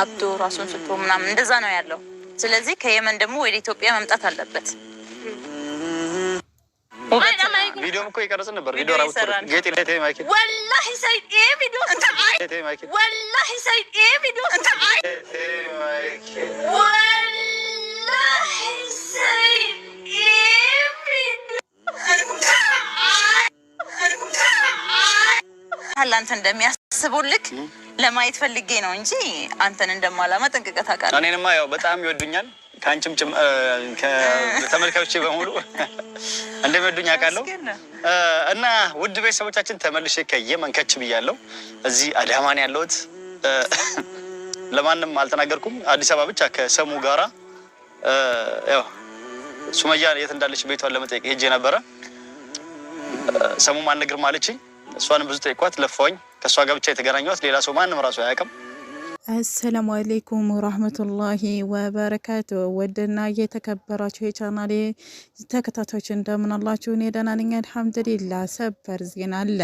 አብዶ ራሱን ስቶ ምናምን እንደዛ ነው ያለው። ስለዚህ ከየመን ደግሞ ወደ ኢትዮጵያ መምጣት አለበት። ቪዲዮም እኮ ይቀርጽ ነበር። ቪዲዮ ራሱ አስቦልክ ለማየት ፈልጌ ነው እንጂ አንተን እንደማላማ ጠንቅቀህ ታውቃለህ። እኔንማ ያው በጣም ይወዱኛል ከአንቺም ተመልካዮች በሙሉ እንደሚወዱኝ አውቃለሁ። እና ውድ ቤተሰቦቻችን ተመልሼ ከየመን ከች ብያለሁ። እዚህ አዳማን ያለሁት ለማንም አልተናገርኩም። አዲስ አበባ ብቻ ከሰሙ ጋራ ያው ሱመያ የት እንዳለች ቤቷን ለመጠየቅ ሄጄ ነበረ። ሰሙ ማነግርም ማለችኝ። እሷንም ብዙ ጠይቋት ለፋኝ። ከእሷ ጋር ብቻ የተገናኘት ሌላ ሰው ማንም ራሱ አያውቅም። አሰላሙ አሌይኩም ወራህመቱላሂ ወበረካቱ። ወደና የተከበራችሁ የቻናሌ ተከታታዮች እንደምን አላችሁ? እኔ ደህና ነኝ ሰበር ዜና አለ፣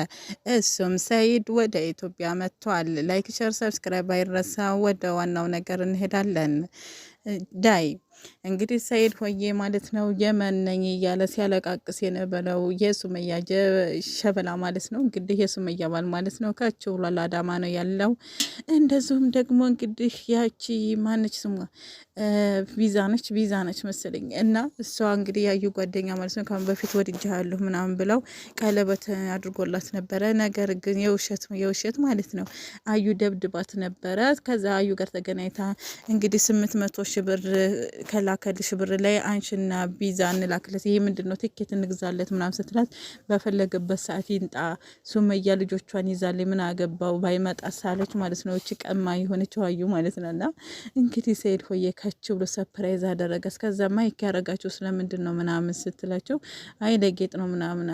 እሱም ሰይድ ወደ ኢትዮጵያ መጥቷል። ላይክ፣ ሸር፣ ሰብስክራይብ አይረሳ። ወደ ዋናው ነገር እንሄዳለን ዳይ እንግዲህ ሰይድ ሆዬ ማለት ነው የመን ነኝ እያለ ሲያለቃቅስ የነበረው የሱመያ ሸበላ ማለት ነው። እንግዲህ የሱመያ ባል ማለት ነው ከችው ላላዳማ ነው ያለው። እንደዚሁም ደግሞ እንግዲህ ያቺ ማነች ስሟ ቪዛ ነች ቪዛ ነች መሰለኝ እና እሷ እንግዲህ ያዩ ጓደኛ ማለት ነው ከአሁን በፊት ወድጃለሁ ምናምን ብለው ቀለበት አድርጎላት ነበረ። ነገር ግን የውሸት የውሸት ማለት ነው አዩ ደብድባት ነበረ። ከዛ አዩ ጋር ተገናኝታ እንግዲህ ስምንት መቶ ሺ ብር ከላከልሽ ብር ላይ አንሽና ቪዛ እንላክለት፣ ይሄ ምንድን ነው ትኬት እንግዛለት ምናም ስትላት በፈለገበት ሰዓት ይንጣ ሱመያ ልጆቿን ይዛል ምን አገባው ባይመጣ ሳለች ማለት ነው። እች ቀማ የሆነች ዋዩ ማለት ነው። እና እንግዲህ ሰይድ ሆዬ ከች ብሎ ሰፕራይዝ አደረገ። እስከዛ ማይክ ያረጋቸው ስለምንድን ነው ምናምን ስትላቸው አይ ለጌጥ ነው ምናምን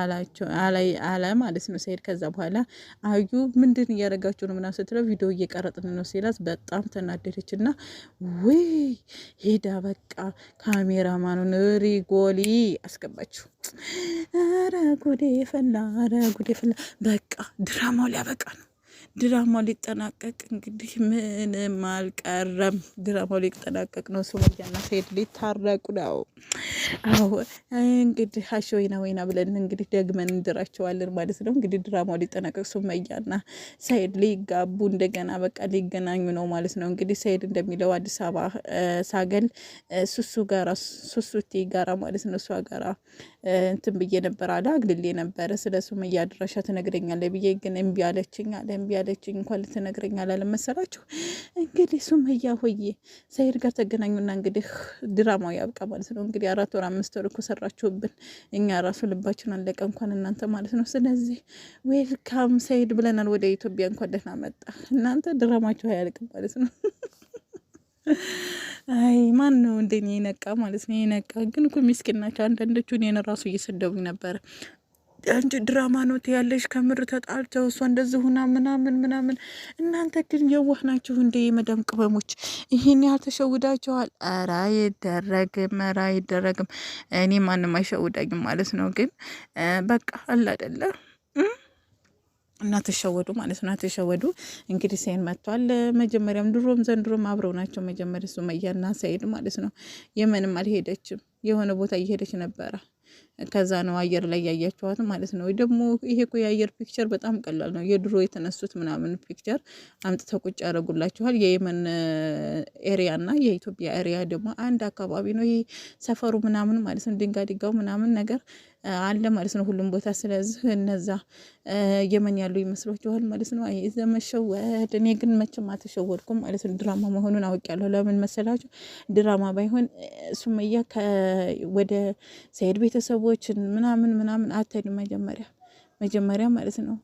አላቸው አለ ማለት ነው ሰይድ። ከዛ በኋላ አዩ ምንድን እያረጋችሁ ነው ምናምን ስትለው ቪዲዮ እየቀረጥን ነው ሲላት በጣም ተናደደች እና ወይ ሂዳ በቃ ካሜራማኑን ሪጎሊ አስገባችሁ። ኧረ ጉዴ ፈላ፣ ኧረ ጉዴ ፈላ። በቃ ድራማው ሊያበቃ ነው። ድራማው ሊጠናቀቅ እንግዲህ ምንም አልቀረም። ድራማው ሊጠናቀቅ ነው። ሱመያና ሰኢድ ሊታረቁ ነው። አዎ እንግዲህ ሀሽ ወይና ወይና ብለን እንግዲህ ደግመን እንድራቸዋለን ማለት ነው። እንግዲህ ድራማው ሊጠናቀቅ ሱመያና ሰኢድ ሊጋቡ እንደገና በቃ ሊገናኙ ነው ማለት ነው። እንግዲህ ሰኢድ እንደሚለው አዲስ አበባ ሳገል ሱሱ ጋራ ሱሱቲ ጋራ ማለት ነው እሷ ጋራ እንትን ብዬ ነበር አለ አግልሌ ነበረ ስለ ሱመያ አድራሻ ትነግረኛለህ ብዬ ግን እምቢ አለችኝ አለ እምቢ አለ አለችኝ። እንኳን ልትነግረኝ አላለም መሰላችሁ። እንግዲህ ሱመያ ሆዬ ሰይድ ጋር ተገናኙና እንግዲህ ድራማው ያብቃ ማለት ነው። እንግዲህ አራት ወር አምስት ወር እኮ ሰራችሁብን፣ እኛ ራሱ ልባችን አለቀ፣ እንኳን እናንተ ማለት ነው። ስለዚህ ዌልካም ሰይድ ብለናል ወደ ኢትዮጵያ፣ እንኳን ደህና መጣ። እናንተ ድራማችሁ አያልቅም ማለት ነው። አይ ማን ነው እንደኔ የነቃ ማለት ነው? የነቃ ግን እኮ ሚስኪን ናቸው። አንዳንዶቹ እኔን ራሱ እየሰደቡኝ ነበረ። አንቺ ድራማ ነው ያለሽ፣ ከምር ተጣልተው እሷ እንደዚህ ሁና ምናምን ምናምን። እናንተ ግን የዋህ ናችሁ እንደ የመዳም ቅመሞች ይህን ያህል ተሸውዳችኋል። ኧረ አይደረግም፣ ኧረ አይደረግም። እኔ ማንም አይሸውዳኝም ማለት ነው። ግን በቃ አለ አይደለ እናተሸወዱ ማለት ነው። እናተሸወዱ እንግዲህ ሰይን መጥቷል። መጀመሪያም ድሮም ዘንድሮም አብረው ናቸው። መጀመሪያ ሱመያና ሰይድ ማለት ነው። የምንም አልሄደችም፣ የሆነ ቦታ እየሄደች ነበረ ከዛ ነው አየር ላይ ያያቸዋት ማለት ነው። ደግሞ ይሄ እኮ የአየር ፒክቸር በጣም ቀላል ነው። የድሮ የተነሱት ምናምን ፒክቸር አምጥተው ቁጭ ያደረጉላችኋል። የየመን ኤሪያ እና የኢትዮጵያ ኤሪያ ደግሞ አንድ አካባቢ ነው። ይሄ ሰፈሩ ምናምን ማለት ነው። ድንጋ ድጋው ምናምን ነገር አለ ማለት ነው ሁሉም ቦታ። ስለዚህ እነዛ የመን ያሉ ይመስሏችኋል ማለት ነው። አይ መሸወድ፣ እኔ ግን መቼም አተሸወድኩም ማለት ነው። ድራማ መሆኑን አውቄያለሁ። ለምን መሰላችሁ? ድራማ ባይሆን ሱመያ ወደ ሰኢድ ቤተሰቦች ምናምን ምናምን አተን መጀመሪያ መጀመሪያ ማለት ነው።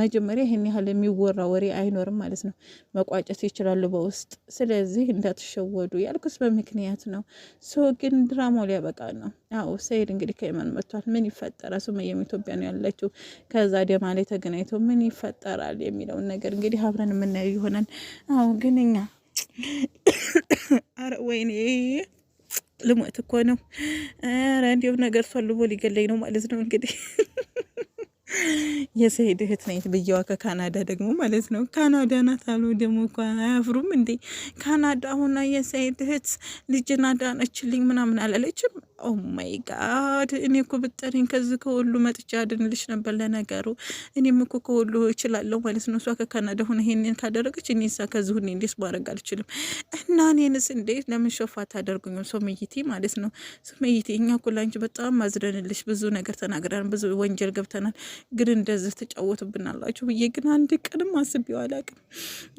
መጀመሪያ ይህን ያህል የሚወራ ወሬ አይኖርም ማለት ነው። መቋጨት ይችላሉ በውስጥ ስለዚህ እንዳትሸወዱ ያልኩስ በምክንያት ነው። ሶ ግን ድራማው ሊያበቃ ነው። አዎ ሰይድ እንግዲህ ከየመን መጥቷል። ምን ይፈጠራል? ሱመያም ኢትዮጵያ ነው ያለችው። ከዛ ደማ ላይ ተገናኝቶ ምን ይፈጠራል የሚለውን ነገር እንግዲህ አብረን የምናየው ይሆናል። አዎ ግን እኛ አረ ወይኔ ልሞት እኮ ነው። ኧረ እንዲሁም ነገር ፈልቦ ሊገለኝ ነው ማለት ነው እንግዲህ የሰሄድ እህት ነኝ ብያዋ ከካናዳ ደግሞ ማለት ነው። ካናዳ ናት አሉ ደግሞ አያፍሩም እንዴ? ካናዳ ሁና የሰሄድ እህት ልጅና ነችልኝ ምናምን አላለችም። ኦማይ oh ጋድ እኔ እኮ ብጠሪኝ ከዚህ ከወሉ መጥቼ አድንልሽ ነበር። ለነገሩ እኔም እኮ ከወሉ እችላለሁ ማለት ነው። እሷ ከካናዳ ሆነ ይሄንን ካደረገች እኔ ሳ ከዚህ ሁኔ እንዴት ማድረግ አልችልም። እና እኔንስ እንዴት ለምን ሸፋ ታደርጉኝም? ሶምይቲ ማለት ነው። ሶምይቲ እኛ እኮ ላንቺ በጣም ማዝደንልሽ ብዙ ነገር ተናግረን ብዙ ወንጀል ገብተናል። ግን እንደዚህ ትጫወቱብናላችሁ ብዬ ግን አንድ ቀንም አስቤው አላቅም።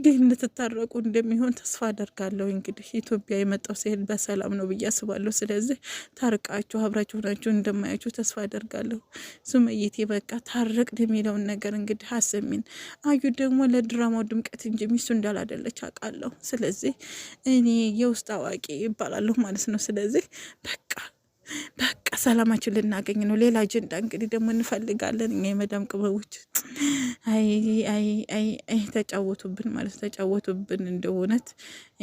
ግን ልትታረቁ እንደሚሆን ተስፋ አደርጋለሁ። እንግዲህ ኢትዮጵያ የመጣው ሲሄድ በሰላም ነው ብዬ አስባለሁ። ስለዚህ ታርቃችሁ አብራችሁ ናችሁ እንደማያችሁ ተስፋ አደርጋለሁ። ሱመየት በቃ ታረቅ የሚለውን ነገር እንግዲህ አሰሚን አዩ ደግሞ ለድራማው ድምቀት እንጂ ሚስቱ እንዳላደለች አውቃለሁ። ስለዚህ እኔ የውስጥ አዋቂ ይባላለሁ ማለት ነው። ስለዚህ በቃ በቃ ሰላማችን ልናገኝ ነው። ሌላ አጀንዳ እንግዲህ ደግሞ እንፈልጋለን እኛ የመዳም ቅመሞች። አይ አይ አይ ተጫወቱብን ማለት ተጫወቱብን። እንደ እውነት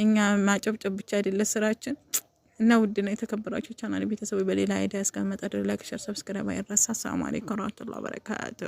እኛ ማጨብጨብ ብቻ አይደለ ስራችን እና ውድ ነው የተከበራችሁ ቻናል ቤተሰቦች፣ በሌላ አይዲያ እስከመጣ ድረስ ላይክ፣ ሸር፣ ሰብስክራይብ አይረሳ። ሰላም አለይኩም ወራህመቱላሂ ወበረካቱ